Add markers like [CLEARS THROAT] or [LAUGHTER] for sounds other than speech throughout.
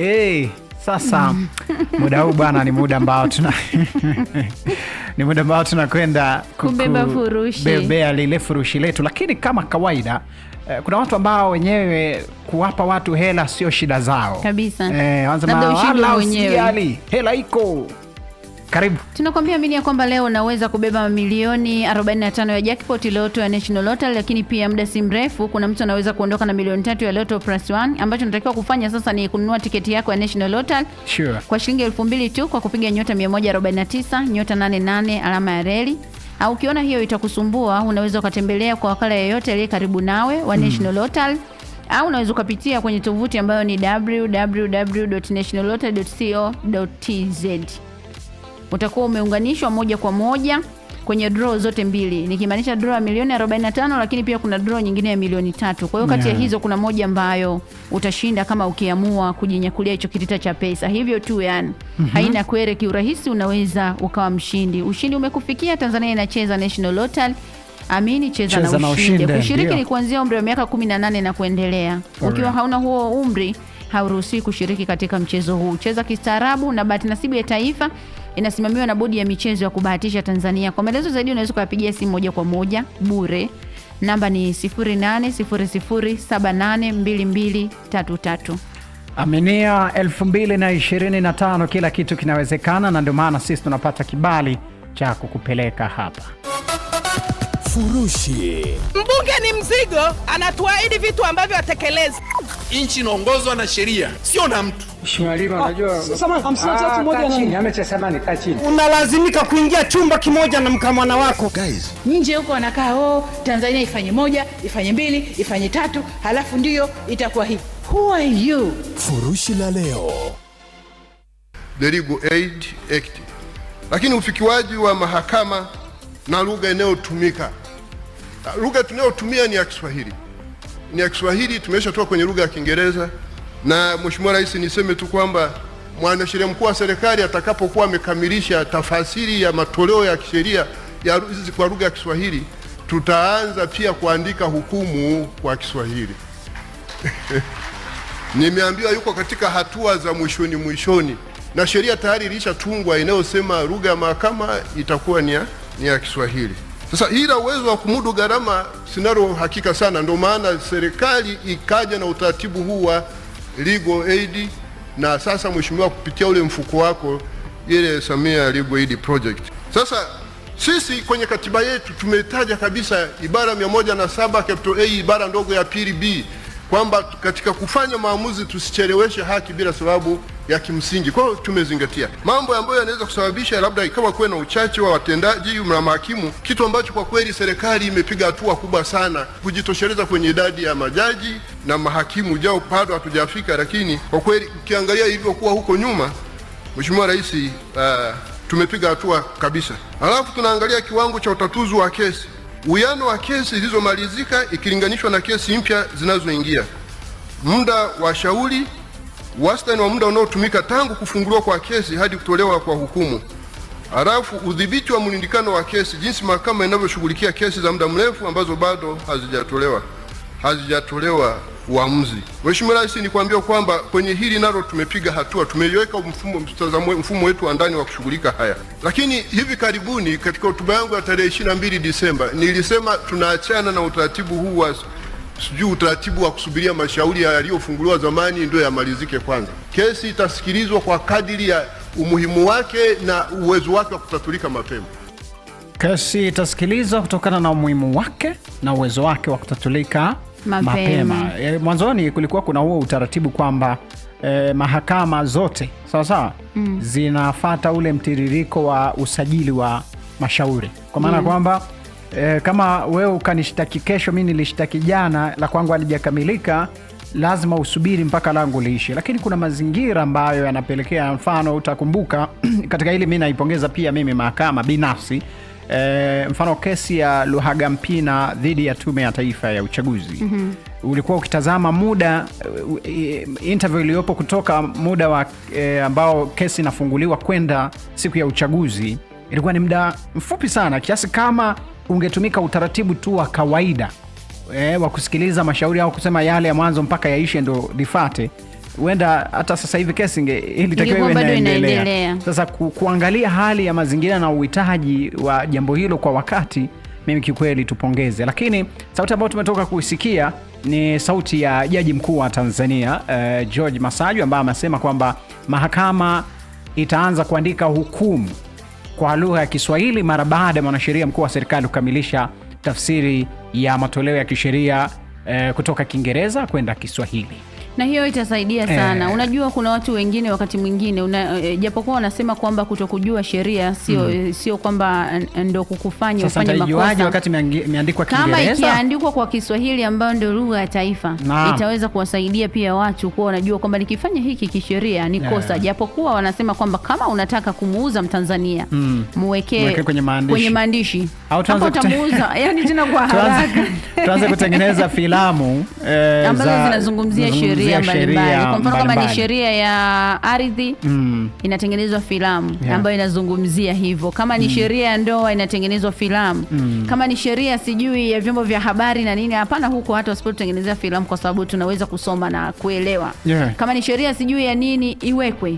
Hey, sasa muda huu bwana ni muda ambao tuna [LAUGHS] ni muda ambao tunakwenda kubeba furushi, bebea lile furushi letu, lakini kama kawaida eh, kuna watu ambao wenyewe kuwapa watu hela sio shida zao kabisa. Eh, wanasema wala usijali, hela iko karibu. Tunakwambia mini ya kwamba leo unaweza kubeba milioni 45 ya jackpot Loto ya National Lottery, lakini pia muda si mrefu kuna mtu anaweza kuondoka na milioni tatu ya Lotto Plus 1. Ambacho unatakiwa kufanya sasa ni kununua tiketi yako ya National Lottery sure, kwa shilingi elfu mbili tu kwa kupiga nyota 149 nyota 88 alama ya reli au ukiona hiyo itakusumbua, unaweza ukatembelea kwa wakala yeyote aliye karibu nawe wa mm. National Lottery au unaweza ukapitia kwenye tovuti ambayo ni www.nationallottery.co.tz utakuwa umeunganishwa moja kwa moja kwenye draw zote mbili, nikimaanisha draw ya milioni 45, lakini pia kuna draw nyingine ya milioni tatu. Kwa hiyo kati ya yeah, hizo kuna moja ambayo utashinda kama ukiamua kujinyakulia hicho kitita cha pesa, hivyo tu yani. mm -hmm. Haina kwere, kiurahisi unaweza ukawa mshindi. Ushindi umekufikia. Tanzania inacheza National Lottery. Amini, cheza, cheza na ushinde. Na ushinde. Kushiriki ni kuanzia umri wa miaka 18 na kuendelea. Ukiwa hauna huo umri hauruhusiwi kushiriki katika mchezo huu. Cheza kistaarabu, na bahati nasibu ya taifa inasimamiwa na Bodi ya Michezo ya Kubahatisha Tanzania. Kwa maelezo zaidi unaweza kuyapigia simu moja kwa moja bure, namba ni 0800782233. Aminia 2025 kila kitu kinawezekana, na ndio maana sisi tunapata kibali cha kukupeleka hapa. Kifurushi. Mbunge ni mzigo, anatuahidi vitu ambavyo atekelezi. Nchi inaongozwa na sheria, sio na mtu. Ah, ah, Unalazimika kuingia chumba kimoja na mkamwana wako. Guys, nje huko wanakaa oh, Tanzania ifanye moja, ifanye mbili, ifanye tatu, halafu ndiyo itakuwa hivi. Who are you? Furushi la leo. The Legal Aid Act. Lakini ufikiwaji wa mahakama na lugha inayotumika Ah, lugha tunayotumia ni ya Kiswahili, ni ya Kiswahili, tumeshatoka kwenye lugha ya Kiingereza. Na Mheshimiwa Rais, niseme tu kwamba mwanasheria mkuu wa serikali atakapokuwa amekamilisha tafasiri ya matoleo ya kisheria ya hizi kwa lugha ya Kiswahili, tutaanza pia kuandika hukumu kwa Kiswahili. [LAUGHS] Nimeambiwa yuko katika hatua za mwishoni mwishoni, na sheria tayari ilishatungwa inayosema lugha ya mahakama itakuwa ni ya Kiswahili. Sasa ila uwezo wa kumudu gharama sinalo hakika sana, ndio maana serikali ikaja na utaratibu huu wa legal aid, na sasa mheshimiwa, kupitia ule mfuko wako ile Samia Legal Aid Project. Sasa sisi kwenye katiba yetu tumetaja kabisa ibara mia moja na saba capital A ibara ndogo ya pili B kwamba katika kufanya maamuzi tusicheleweshe haki bila sababu ya kimsingi. Kwa hiyo tumezingatia mambo ambayo yanaweza kusababisha labda ikawa kuwe na uchache wa watendaji na mahakimu, kitu ambacho kwa kweli serikali imepiga hatua kubwa sana kujitosheleza kwenye idadi ya majaji na mahakimu, jao bado hatujafika, lakini kwa kweli ukiangalia ilivyokuwa huko nyuma, Mheshimiwa Rais uh, tumepiga hatua kabisa. alafu tunaangalia kiwango cha utatuzi wa kesi, uwiano wa kesi zilizomalizika ikilinganishwa na kesi mpya zinazoingia, muda wa shauri wastani wa muda unaotumika tangu kufunguliwa kwa kesi hadi kutolewa kwa hukumu. Halafu udhibiti wa mlindikano wa kesi, jinsi mahakama inavyoshughulikia kesi za muda mrefu ambazo bado hazijatolewa hazijatolewa uamuzi. Mheshimiwa Rais, nikuambia kwamba kwenye hili nalo tumepiga hatua, tumeiweka mfumo mtazamo mfumo wetu wa ndani wa kushughulika haya. Lakini hivi karibuni katika hotuba yangu ya tarehe 22 Disemba nilisema tunaachana na utaratibu huu wa sijui utaratibu wa kusubiria mashauri yaliyofunguliwa zamani ndio yamalizike kwanza. Kesi itasikilizwa kwa kadiri ya umuhimu wake na uwezo wake wa kutatulika mapema. Kesi itasikilizwa kutokana na umuhimu wake na uwezo wake wa kutatulika mapema, mapema. E, mwanzoni kulikuwa kuna huo utaratibu kwamba e, mahakama zote sawa sawa, mm. zinafata ule mtiririko wa usajili wa mashauri kwa maana mm. kwamba e, kama wewe ukanishtaki kesho, mi nilishtaki jana, la kwangu alijakamilika lazima usubiri mpaka langu liishi Lakini kuna mazingira ambayo yanapelekea, mfano utakumbuka [CLEARS THROAT] katika hili mi naipongeza pia mimi mahakama binafsi e, mfano kesi ya Luhaga Mpina dhidi ya Tume ya Taifa ya Uchaguzi mm -hmm. Ulikuwa ukitazama muda eh, interview iliyopo kutoka muda wa e, ambao kesi inafunguliwa kwenda siku ya uchaguzi ilikuwa ni muda mfupi sana, kiasi kama ungetumika utaratibu tu wa kawaida e, wa kusikiliza mashauri au kusema yale ya mwanzo mpaka yaishe ndo lifate huenda hata sasa hivi kesi ilitakiwa iwe inaendelea. Sasa ku, kuangalia hali ya mazingira na uhitaji wa jambo hilo kwa wakati, mimi kikweli tupongeze. Lakini sauti ambayo tumetoka kuisikia ni sauti ya jaji mkuu wa Tanzania uh, George Masaju ambaye amesema kwamba mahakama itaanza kuandika hukumu kwa lugha ya Kiswahili mara baada ya mwanasheria mkuu wa serikali kukamilisha tafsiri ya matoleo ya kisheria eh, kutoka Kiingereza kwenda Kiswahili na hiyo itasaidia sana eh. Unajua kuna watu wengine wakati mwingine una, e, japokuwa wanasema kwamba kutokujua sheria sio mm. sio kwamba eh, ndo kukufanya ufanye makosa wakati imeandikwa Kama ikiandikwa kwa Kiswahili ambayo ndio lugha ya taifa nah. itaweza kuwasaidia pia watu kuwa wanajua kwamba nikifanya hiki kisheria ni kosa yeah. Japokuwa wanasema kwamba kama unataka kumuuza Mtanzania mm. muwekee kwenye maandishi, kwenye maandishi hapo utamuuza [LAUGHS] yani tena kwa haraka tuanze kutengeneza filamu eh, ambazo zinazungumzia sheria sheria mbalimbali. Kwa mfano kama ni sheria ya ardhi mm. inatengenezwa filamu yeah. ambayo inazungumzia hivyo. Kama ni mm. sheria ya ndoa inatengenezwa filamu mm. kama ni sheria sijui ya vyombo vya habari na nini, hapana, huko hata wasipotengenezea filamu, kwa sababu tunaweza kusoma na kuelewa yeah. kama ni sheria sijui ya nini iwekwe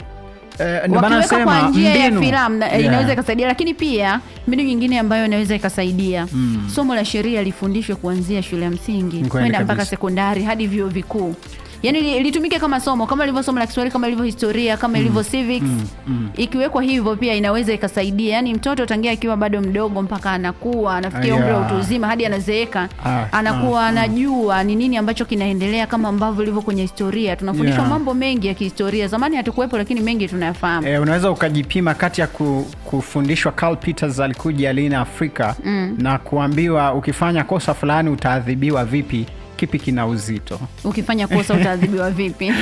Uh, wakiweka kwa njia ya filamu eh, yeah. inaweza ikasaidia, lakini pia mbinu nyingine ambayo inaweza ikasaidia mm. somo la sheria lifundishwe kuanzia shule ya msingi kwenda mpaka sekondari hadi vyuo vikuu yani litumike kama somo kama ilivyo somo la Kiswahili kama ilivyo historia kama mm. ilivyo civics mm, mm. Ikiwekwa hivyo pia inaweza ikasaidia, yani mtoto tangia akiwa bado mdogo mpaka anakuwa anafikia ah, umri wa utu uzima hadi anazeeka ah, ah, anakuwa ah, anajua ni nini ambacho kinaendelea, kama ambavyo ilivyo kwenye historia tunafundishwa yeah. mambo mengi ya kihistoria, zamani hatukuwepo, lakini mengi tunayafahamu. Eh, unaweza ukajipima kati ya ku, kufundishwa Karl Peters alikuja lini Afrika mm. na kuambiwa ukifanya kosa fulani utaadhibiwa vipi kipi kina uzito? Ukifanya kosa utaadhibiwa [LAUGHS] vipi?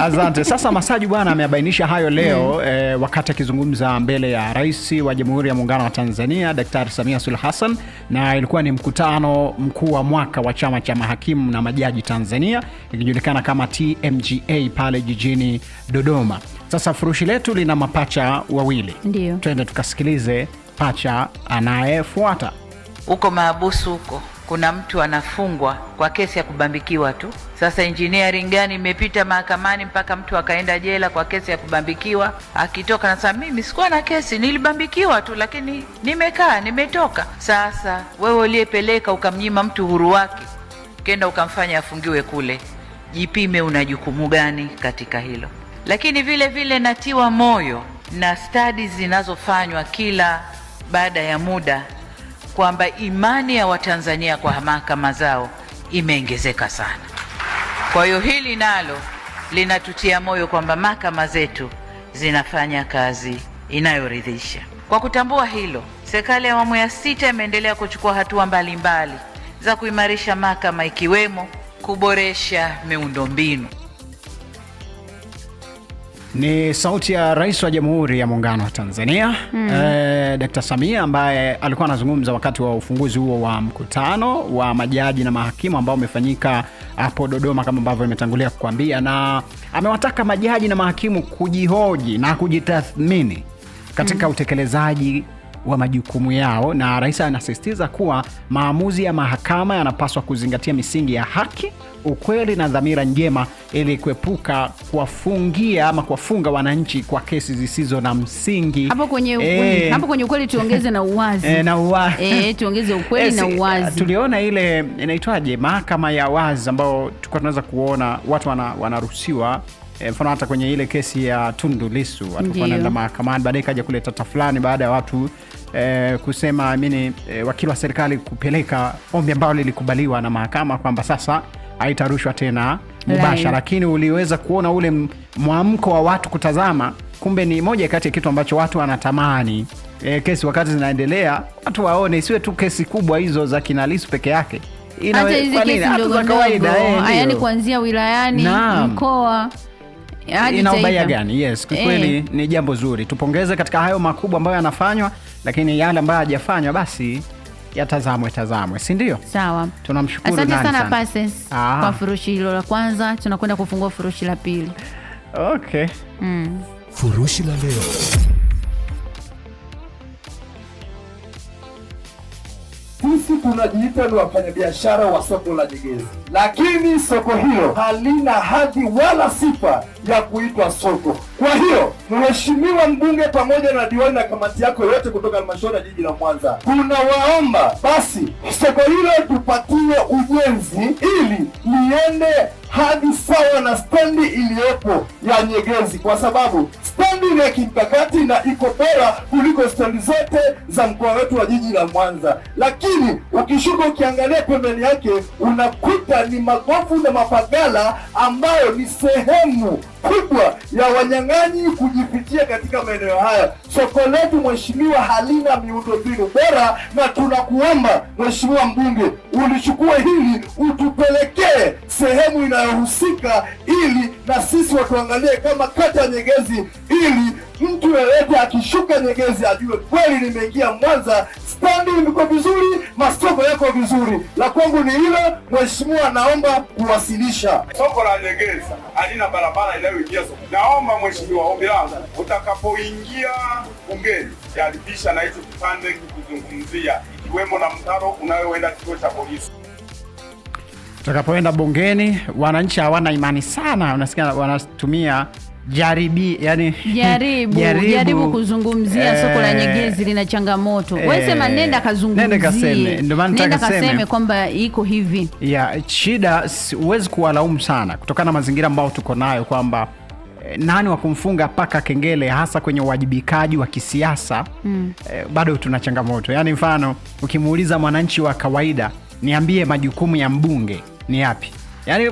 Asante. [LAUGHS] Sasa Masaju bwana ameabainisha hayo leo mm. eh, wakati akizungumza mbele ya Rais wa Jamhuri ya Muungano wa Tanzania Daktari Samia Suluhu Hassan, na ilikuwa ni mkutano mkuu wa mwaka wa Chama cha Mahakimu na Majaji Tanzania ikijulikana kama TMGA pale jijini Dodoma. Sasa furushi letu lina mapacha wawili, ndio twende tukasikilize pacha anayefuata. Uko maabusu huko kuna mtu anafungwa kwa kesi ya kubambikiwa tu. Sasa engineering gani imepita mahakamani mpaka mtu akaenda jela kwa kesi ya kubambikiwa? Akitoka nasema mimi sikuwa na kesi, nilibambikiwa tu, lakini nimekaa nimetoka. Sasa wewe uliyepeleka ukamnyima mtu uhuru wake, ukenda ukamfanya afungiwe kule, jipime una jukumu gani katika hilo. Lakini vile vile natiwa moyo na stadi zinazofanywa kila baada ya muda kwamba imani ya Watanzania kwa mahakama zao imeongezeka sana. Kwa hiyo hili nalo linatutia moyo kwamba mahakama zetu zinafanya kazi inayoridhisha. Kwa kutambua hilo, serikali ya awamu ya sita imeendelea kuchukua hatua mbalimbali mbali za kuimarisha mahakama ikiwemo kuboresha miundombinu. Ni sauti ya Rais wa Jamhuri ya Muungano wa Tanzania mm. e, eh, Dkt. Samia ambaye alikuwa anazungumza wakati wa ufunguzi huo wa mkutano wa majaji na mahakimu ambao umefanyika hapo Dodoma kama ambavyo imetangulia kukuambia na amewataka majaji na mahakimu kujihoji na kujitathmini katika mm. utekelezaji wa majukumu yao, na rais anasisitiza kuwa maamuzi ya mahakama yanapaswa kuzingatia misingi ya haki, ukweli na dhamira njema ili kuepuka kuwafungia ama kuwafunga wananchi kwa kesi zisizo na msingi. Hapo kwenye ukweli, eh. hapo kwenye ukweli tuongeze na uwazi. [LAUGHS] E, na uwazi. E, tuongeze ukweli e, na uwazi. Tuliona ile inaitwaje mahakama ya wazi ambayo tulikuwa tunaweza kuona watu wanaruhusiwa wana E, mfano hata kwenye ile kesi ya Tundu Lissu atakuwa anaenda mahakamani, baadaye kaja kuleta tafulani baada ya watu e, kusema amini e, wakili wa serikali kupeleka ombi ambalo lilikubaliwa na mahakama kwamba sasa haitarushwa tena mubasha, lakini uliweza kuona ule mwamko wa watu kutazama, kumbe ni moja kati ya kitu ambacho watu wanatamani e, kesi wakati zinaendelea watu waone, isiwe tu kesi kubwa hizo za kina Lissu peke yake, hata hizi kesi ndogo ndogo, eh, yaani kuanzia wilayani, mkoa ina ubaya gani? Yes, kwa kweli e, ni jambo zuri, tupongeze katika hayo makubwa ambayo yanafanywa, lakini yale ambayo hajafanywa basi yatazamwe tazamwe, si ndio? Sawa, tunamshukuru asante sana Pases ah. kwa furushi hilo la kwanza. Tunakwenda kufungua furushi la pili. Okay. Mm. Furushi la leo Sisi tunajiita ni wafanyabiashara wa soko la Nyegezi, lakini soko hilo halina hadhi wala sifa ya kuitwa soko. Kwa hiyo, Mheshimiwa mbunge pamoja na diwani na kamati yako yote kutoka halmashauri ya jiji la Mwanza, tunawaomba basi soko hilo tupatie ujenzi ili liende hadi sawa na stendi iliyopo ya Nyegezi, kwa sababu stendi ya kimkakati na iko bora kuliko stendi zote za mkoa wetu wa jiji la Mwanza. Lakini ukishuka ukiangalia pembeni yake unakuta ni magofu na mapagala ambayo ni sehemu kubwa ya wanyang'anyi kujipitia katika maeneo haya. Soko letu mheshimiwa, halina miundombinu bora, na tunakuomba mheshimiwa mbunge, ulichukua hili utupelekee sehemu inayohusika, ili na sisi watuangalie kama kata Nyegezi, ili Mtu yeyote akishuka Nyegezi ajue kweli nimeingia Mwanza, standi liko vizuri, masoko yako vizuri. La kwangu ni hilo, mheshimiwa, naomba kuwasilisha. Soko la Nyegezi halina barabara inayoingia soko. Naomba mheshimiwa, ombi langu utakapoingia bungeni, jaribisha na hicho kipande kikuzungumzia, ikiwemo na mtaro unayoenda kituo cha polisi utakapoenda bungeni. Wananchi hawana imani sana, wanatumia Jaribi, yani, jaribu, jaribu, jaribu kuzungumzia ee, soko la eh, Nyegezi lina changamoto ee, sema nenda kazungumzie, nenda kaseme kwamba iko hivi ya shida. Huwezi kuwalaumu sana kutokana na mazingira ambayo tuko nayo kwamba eh, nani wa kumfunga paka kengele, hasa kwenye uwajibikaji wa kisiasa mm. bado tuna changamoto yani, mfano ukimuuliza mwananchi wa kawaida, niambie majukumu ya mbunge ni yapi? yani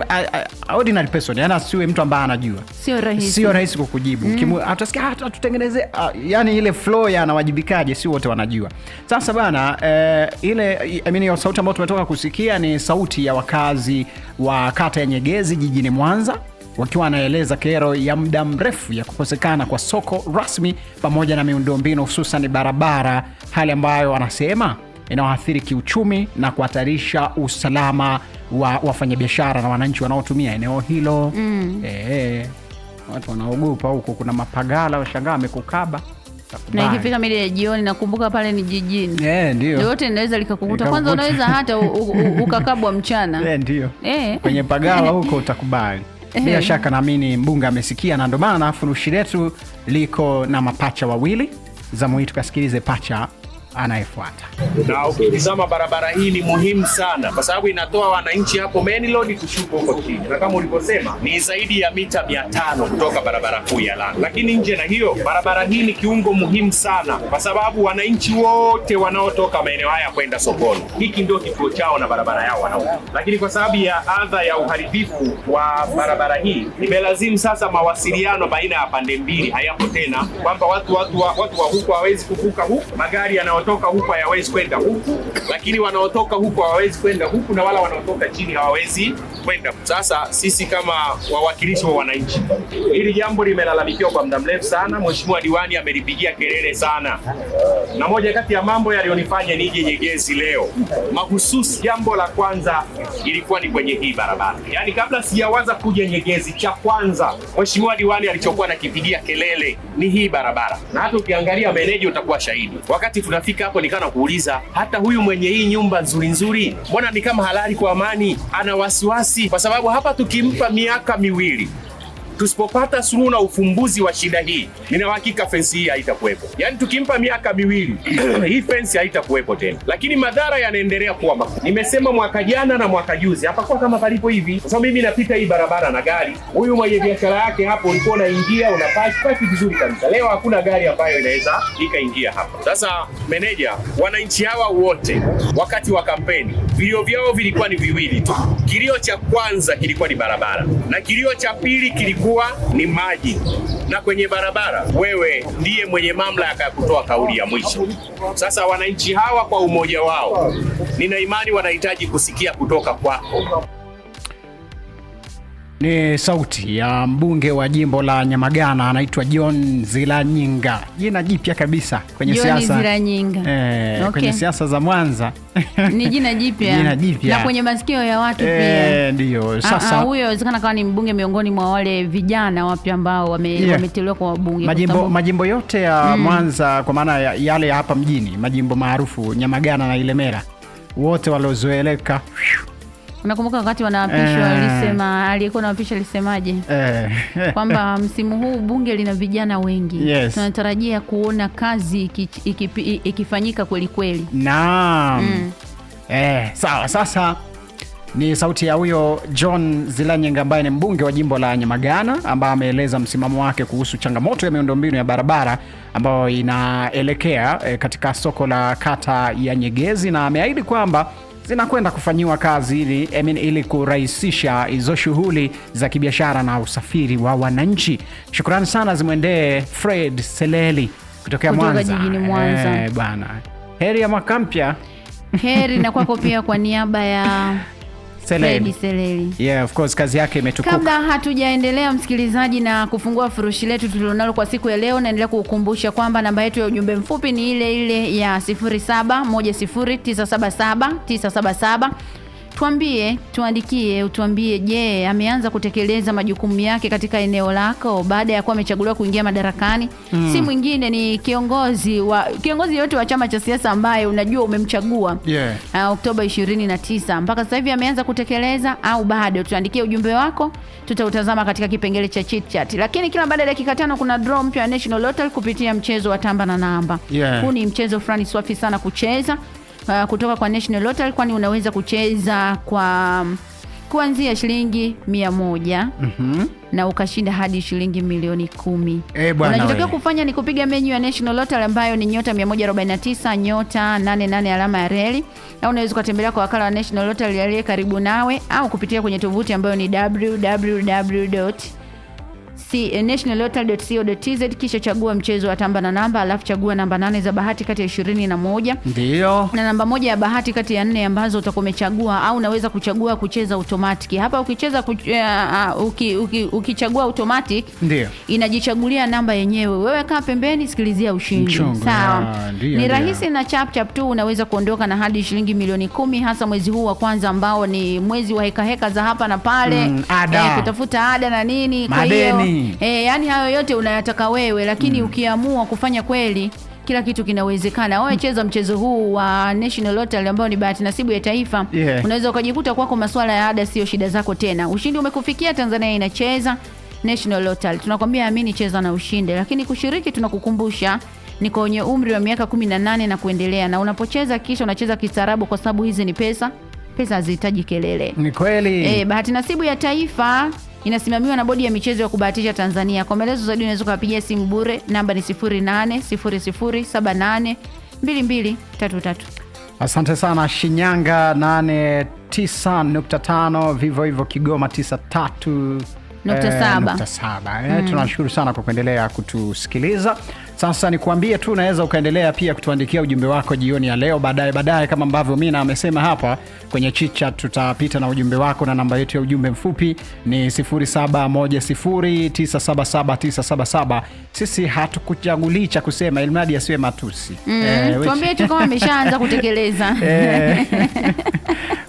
ordinary person, yani asiwe mtu ambaye anajua, sio rahisi, sio rahisi kukujibu mm. Atasikia ah, ah, tutengeneze, ah, yani ile flow ya anawajibikaje, si wote wanajua. Sasa bana eh, ile I mean, hiyo sauti ambayo tumetoka kusikia ni sauti ya wakazi wa kata ya Nyegezi jijini Mwanza wakiwa anaeleza kero ya muda mrefu ya kukosekana kwa soko rasmi pamoja na miundombinu hususan barabara, hali ambayo wanasema inaoathiri kiuchumi na kuhatarisha usalama wa, wafanyabiashara na wananchi wanaotumia eneo hilo mm. E, watu wanaogopa huko, kuna mapagala washangaa amekukaba na ikifika mida ya jioni, nakumbuka pale ni jijini yeah, lolote linaweza likakukuta. Kwanza unaweza hata ukakabwa mchana yeah, [LAUGHS] ndio yeah. Kwenye pagala huko [LAUGHS] utakubali eh. bila shaka. Naamini mbunge amesikia, na ndio maana furushi letu liko na mapacha wawili za mwitu, kasikilize pacha anayefuata. Na ukitizama barabara hii ni muhimu sana, kwa sababu inatoa wananchi hapo main road kushuka huko chini, na kama ulivyosema ni zaidi ya mita 500 kutoka barabara kuu ya lami. Lakini nje na hiyo, barabara hii ni kiungo muhimu sana, kwa sababu wananchi wote wanaotoka maeneo haya kwenda sokoni, hiki ndio kituo chao na barabara yao wanao. Lakini kwa sababu ya adha ya uharibifu wa barabara hii, imelazimu sasa mawasiliano baina ya pande mbili hayapo tena, kwamba watu, watu, watu, watu wa huku hawezi kuvuka huku, magari yanayo wanaotoka huku hayawezi kwenda huku, lakini wanaotoka huku hawawezi kwenda huku, na wala wanaotoka chini hawawezi kwenda. Sasa sisi kama wawakilishi wa wananchi, hili jambo limelalamikiwa kwa muda mrefu sana. Mheshimiwa diwani amelipigia kelele sana, na moja kati ya mambo yaliyonifanya nije Nyegezi leo mahususi, jambo la kwanza ilikuwa ni kwenye hii barabara. Yaani kabla sijawaza kuja Nyegezi, cha kwanza mheshimiwa diwani alichokuwa nakipigia kelele ni hii barabara, na hata ukiangalia meneja utakuwa shahidi. Wakati tunafika hapo, nikana kuuliza hata huyu mwenye hii nyumba nzuri nzuri, mbona ni kama halali kwa amani, ana wasiwasi kwa sababu hapa tukimpa miaka miwili tusipopata suluhu na ufumbuzi wa shida hii, nina uhakika fensi hii haitakuwepo. Yaani tukimpa miaka miwili [CLEARS THROAT] hii fensi haitakuwepo tena, lakini madhara yanaendelea kuwa makubwa. Nimesema mwaka jana na mwaka juzi hapakuwa kama palipo hivi, kwa sababu mimi napita hii barabara na gari, huyu mwenye biashara yake hapo ulikuwa unaingia unapaki vizuri kabisa. Leo hakuna gari ambayo inaweza ikaingia hapa. Sasa meneja, wananchi hawa wote wakati wa kampeni vilio vyao vilikuwa ni viwili tu, kilio cha kwanza kilikuwa ni barabara na kilio cha pili kilikuwa kuwa ni maji, na kwenye barabara wewe ndiye mwenye mamlaka ya kutoa kauli ya mwisho. Sasa wananchi hawa kwa umoja wao, nina imani wanahitaji kusikia kutoka kwako. Ni sauti ya mbunge wa jimbo la Nyamagana anaitwa John Zilanyinga, jina jipya kabisa kwenye siasa e, okay. Kwenye siasa za Mwanza ni jina jipya na kwenye masikio ya watu e, pia ndio. Ah, ah, Sasa huyo inawezekana kawa ni mbunge miongoni mwa wale vijana wapya ambao wameteuliwa yeah, kwa wabunge majimbo, majimbo yote ya mm, Mwanza kwa maana yale ya hapa mjini, majimbo maarufu Nyamagana na Ilemela, wote waliozoeleka Nakumbuka wakati wanaapishwa eh. alisema, aliyekuwa nawapisha alisemaje? Eh. Kwamba msimu huu bunge lina vijana wengi. Yes. Tunatarajia kuona kazi ikifanyika kweli kweli. Naam. Mm. Eh, sawa sasa ni sauti ya huyo John Zilanyenga ambaye ni mbunge wa jimbo la Nyamagana ambaye ameeleza msimamo wake kuhusu changamoto ya miundombinu ya barabara ambayo inaelekea eh, katika soko la kata ya Nyegezi, na ameahidi kwamba zinakwenda kufanyiwa kazi ili, I mean, ili kurahisisha hizo shughuli za kibiashara na usafiri wa wananchi. Shukrani sana zimwendee Fred Seleli kutokea Mwanza, Mwanza. Eh, bwana heri ya mwaka mpya heri na kwako pia kwa niaba ya [LAUGHS] Seleni. Seleni. Yeah, of course kazi yake imetukuka. Kabla hatujaendelea msikilizaji, na kufungua furushi letu tulilonalo kwa siku ya leo, naendelea kukukumbusha kwamba namba yetu ya ujumbe mfupi ni ile ile ya 0710977977 Tuambie, tuandikie, utuambie, je, yeah, ameanza kutekeleza majukumu yake katika eneo lako baada ya kuwa amechaguliwa kuingia madarakani? Mm. Si mwingine ni kiongozi wa kiongozi yote wa chama cha siasa ambaye unajua umemchagua, yeah. Uh, Oktoba 29 mpaka sasa hivi ameanza kutekeleza au bado? Tuandikie ujumbe wako, tutautazama katika kipengele cha chit chat. Lakini kila baada ya dakika tano kuna draw mpya National Lottery kupitia mchezo wa tamba na namba. Yeah. Huu ni mchezo fulani swafi sana kucheza uh, kutoka kwa National Lottery, kwani unaweza kucheza kwa mm, kuanzia shilingi mia moja mm -hmm. na ukashinda hadi shilingi milioni kumi. Eh, Unachotakiwa kufanya ni kupiga menyu ya National Lottery ambayo ni nyota 149 nyota 88 alama ya reli, au unaweza ukatembelea kwa wakala wa National Lottery aliye karibu nawe, au kupitia kwenye tovuti ambayo ni www nationalottery.co.tz kisha chagua mchezo wa tamba na namba, alafu chagua namba nane za bahati kati ya 21 ndio, na namba moja ya bahati kati ya nne ambazo utakuwa umechagua, au unaweza kuchagua kucheza automatic. Hapa ukicheza uh, eh, ukichagua ah, uki, uki, ukichagua automatic ndio inajichagulia namba yenyewe. Wewe kaa pembeni, sikilizia ushindi. Sawa, ah, ni rahisi na chap chap tu unaweza kuondoka na hadi shilingi milioni kumi, hasa mwezi huu wa kwanza ambao ni mwezi wa hekaheka heka za hapa na pale, mm, ada. Eh, kutafuta ada na nini, kwa hiyo E, yani hayo yote unayataka wewe, lakini mm. ukiamua kufanya kweli kila kitu kinawezekana. Wewe mm. cheza mchezo huu wa National Lottery ambao ni bahati nasibu ya taifa yeah. Unaweza ukajikuta kwako masuala ya ada sio shida zako tena. Ushindi umekufikia. Tanzania inacheza National Lottery, tunakwambia amini, cheza na ushinde. Lakini kushiriki, tunakukumbusha ni kwenye umri wa miaka 18 na kuendelea, na unapocheza kisha unacheza kistaarabu, kwa sababu hizi ni pesa. Pesa hazihitaji kelele. Ni kweli. Eh, bahati nasibu ya taifa inasimamiwa na Bodi ya Michezo ya Kubahatisha Tanzania. Kwa maelezo zaidi unaweza kuwapigia simu bure, namba ni 0800782233. Asante sana Shinyanga 89.5, vivyo hivyo Kigoma 93 eh, nukta saba. Eh, tunashukuru sana kwa kuendelea kutusikiliza. Sasa nikuambie tu, unaweza ukaendelea pia kutuandikia ujumbe wako jioni ya leo. Baadaye baadaye, kama ambavyo Mina amesema hapa kwenye chicha, tutapita na ujumbe wako, na namba yetu ya ujumbe mfupi ni 0710977977. Sisi hatukuchagulii cha kusema, elmadi yasiwe matusi. Mm, eh, tuambie tu kama ameshaanza [LAUGHS] kutekeleza eh. [LAUGHS]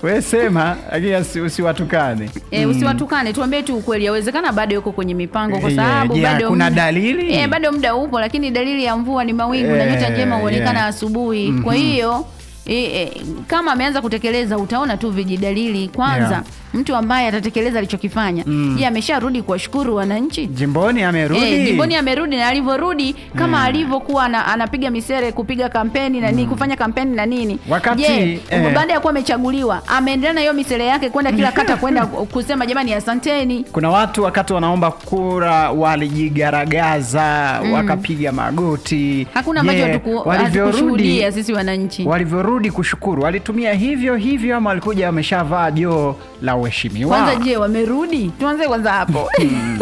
We sema lakini usiwatukane. E, usiwatukane, tuambie tu ukweli. Yawezekana bado yuko kwenye mipango kwa eh, sababu yeah, yeah, bado kuna dalili. E, bado muda upo, lakini dalili ya mvua ni mawingu yeah, na nyota njema huonekana yeah, asubuhi mm -hmm. Kwa hiyo e, e, kama ameanza kutekeleza utaona tu vijidalili kwanza yeah mtu ambaye atatekeleza alichokifanya mm. yeye amesharudi kuwashukuru wananchi jimboni? Amerudi e, jimboni amerudi, na alivyorudi kama mm. alivyokuwa anapiga misere kupiga kampeni na nini mm. kufanya kampeni na nini, wakati je, eh. baada ya kuwa amechaguliwa ameendelea na hiyo misere yake kwenda kila kata kwenda kusema jamani, asanteni. Kuna watu wakati wanaomba kura walijigaragaza mm. wakapiga magoti. Hakuna ambacho hatukushuhudia sisi wananchi. Walivyorudi kushukuru, walitumia hivyo hivyo ama walikuja wameshavaa joo la mheshimiwa. Kwanza je, wamerudi? Tuanze kwanza hapo. [LAUGHS] Hmm.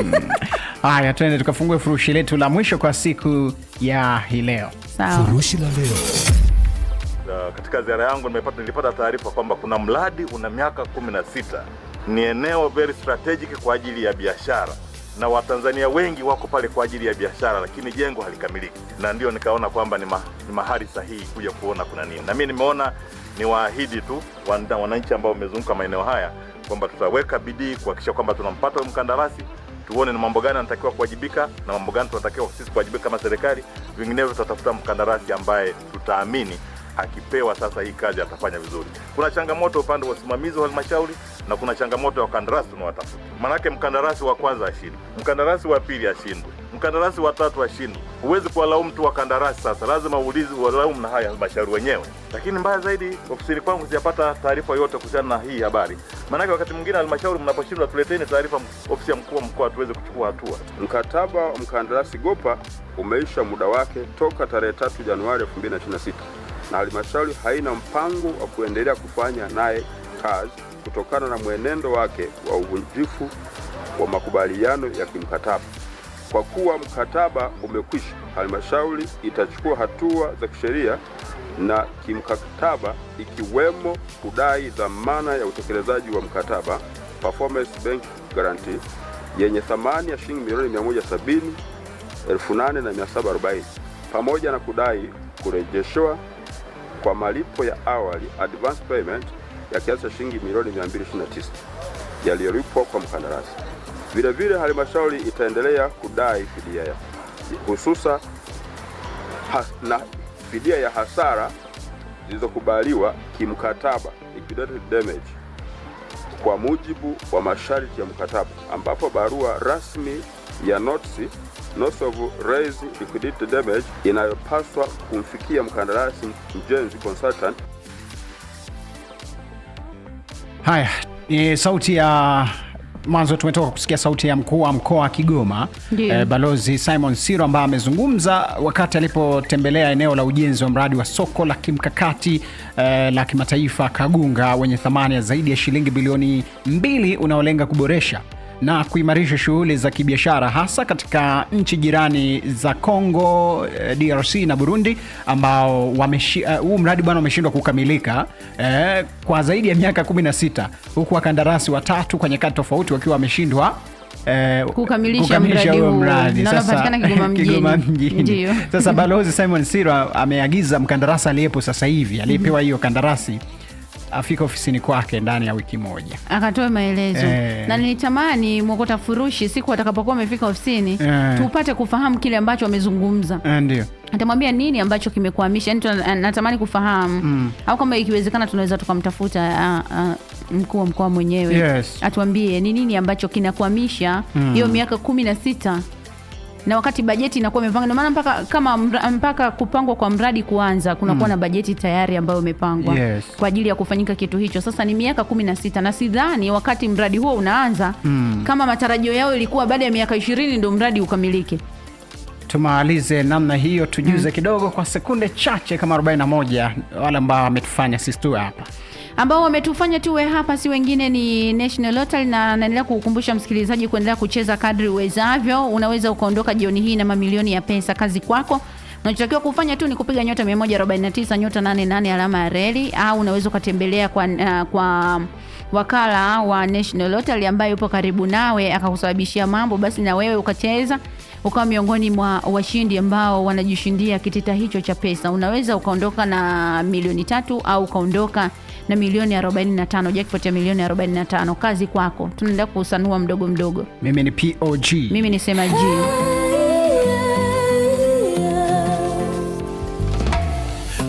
Haya, tuende tukafungue furushi letu la mwisho kwa siku ya hii leo. Sawa. Furushi la leo. Katika ziara yangu nimepata, nilipata taarifa kwamba kuna mradi una miaka kumi na sita. Ni eneo very strategic kwa ajili ya biashara na Watanzania wengi wako pale kwa ajili ya biashara, lakini jengo halikamiliki, na ndio nikaona kwamba ni, ma, ni mahali sahihi kuja kuona kuna nini, na mimi nimeona ni waahidi tu wananchi ambao wamezunguka maeneo haya kwamba tutaweka bidii kuhakikisha kwamba tunampata mkandarasi, tuone ni mambo gani anatakiwa kuwajibika na mambo gani tunatakiwa sisi kuwajibika kama serikali. Vinginevyo tutatafuta mkandarasi ambaye tutaamini akipewa sasa hii kazi atafanya vizuri. Kuna changamoto upande wa usimamizi wa halmashauri na kuna changamoto ya wakandarasi tunawatafuta, maanake mkandarasi wa kwanza ashindwe, mkandarasi wa pili ashindwe mkandarasi watatu washindwa, huwezi kuwalaumu tu wakandarasi. Sasa lazima uulize, walaumu na haya halmashauri wenyewe. Lakini mbaya zaidi, ofisini kwangu sijapata taarifa yoyote kuhusiana na hii habari. Maanake wakati mwingine halmashauri mnaposhindwa, tuleteni taarifa ofisi ya mkuu wa mkoa tuweze kuchukua hatua. Mkataba wa mkandarasi Gopa umeisha muda wake toka tarehe 3 Januari 2026 na halmashauri haina mpango wa kuendelea kufanya naye kazi kutokana na mwenendo wake wa uvunjifu wa makubaliano ya kimkataba. Kwa kuwa mkataba umekwisha, halmashauri itachukua hatua za kisheria na kimkataba ikiwemo kudai dhamana ya utekelezaji wa mkataba performance bank guarantee yenye thamani ya shilingi milioni 170,840 pamoja na kudai kurejeshwa kwa malipo ya awali advance payment ya kiasi cha shilingi milioni 229 yaliyolipwa kwa mkandarasi. Vilevile halmashauri itaendelea kudai fidia ya hususa ha, na fidia ya hasara zilizokubaliwa kimkataba liquidated damage kwa mujibu wa masharti ya mkataba, ambapo barua rasmi ya notisi Notice of raise Liquidated Damage inayopaswa kumfikia mkandarasi mjenzi consultant. Haya ni sauti ya mwanzo tumetoka kusikia sauti ya mkuu wa mkoa wa Kigoma e, Balozi Simon Siro ambaye amezungumza wakati alipotembelea eneo la ujenzi wa mradi wa soko la kimkakati e, la kimataifa Kagunga wenye thamani ya zaidi ya shilingi bilioni mbili unaolenga kuboresha na kuimarisha shughuli za kibiashara hasa katika nchi jirani za Congo, eh, DRC na Burundi ambao eh, huu mradi bwana umeshindwa kukamilika eh, kwa zaidi ya miaka 16 huku wakandarasi watatu kwa nyakati tofauti wakiwa wameshindwa Eh, kukamilisha mradi [LAUGHS] Kigoma mjini. Sasa Balozi Simon Sirwa ameagiza mkandarasi aliyepo sasa hivi aliyepewa hiyo kandarasi afike ofisini kwake ndani ya wiki moja, akatoe maelezo e. Na nilitamani mwokota furushi siku atakapokuwa amefika ofisini e, tupate kufahamu kile ambacho amezungumza e, eh, ndio atamwambia nini ambacho kimekwamisha. Yani natamani kufahamu mm, au kama ikiwezekana tunaweza tukamtafuta ah, ah, mkuu wa mkoa mwenyewe yes, atuambie ni nini ambacho kinakwamisha mm. hiyo mm, miaka kumi na sita na wakati bajeti inakuwa imepangwa, ndio maana mpaka kama mpaka kupangwa kwa mradi kuanza kunakuwa mm. na bajeti tayari ambayo imepangwa yes. kwa ajili ya kufanyika kitu hicho. Sasa ni miaka kumi na sita na sidhani wakati mradi huo unaanza mm. kama matarajio yao ilikuwa baada ya miaka ishirini ndio mradi ukamilike. Tumalize namna hiyo, tujuze mm. kidogo kwa sekunde chache kama 41 wale ambao ametufanya sisi tu hapa ambao wametufanya tuwe hapa si wengine ni National Lottery, na naendelea kukukumbusha msikilizaji kuendelea kucheza kadri uwezavyo. Unaweza ukaondoka jioni hii na mamilioni ya pesa. Kazi kwako. Unachotakiwa kufanya tu ni kupiga nyota 149 nyota 88 alama ya reli, au unaweza ukatembelea kwa, uh, kwa wakala wa National Lottery ambaye yupo karibu nawe akakusababishia mambo, basi na wewe ukacheza ukawa miongoni mwa washindi ambao wanajishindia kitita hicho cha pesa. Unaweza ukaondoka na milioni tatu au ukaondoka na milioni 45, jackpot ya milioni 45. Kazi kwako, tunaenda kusanua mdogo mdogo. Mimi ni POG, mimi ni sema G.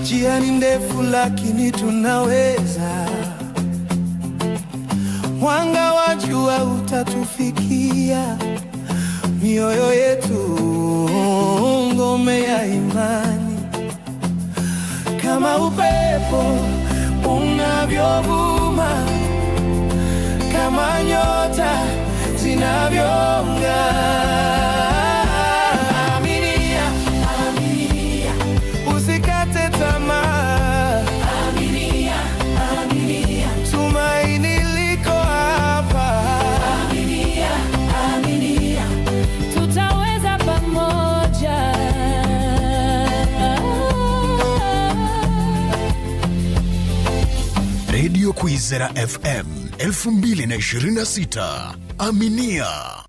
Njia ni ndefu lakini tunaweza, mwanga wa jua utatufikia, mioyo yetu ngome ya imani kama upepo unavyovuma kama nyota zinavyong'aa. Kwizera FM 226 Aminia.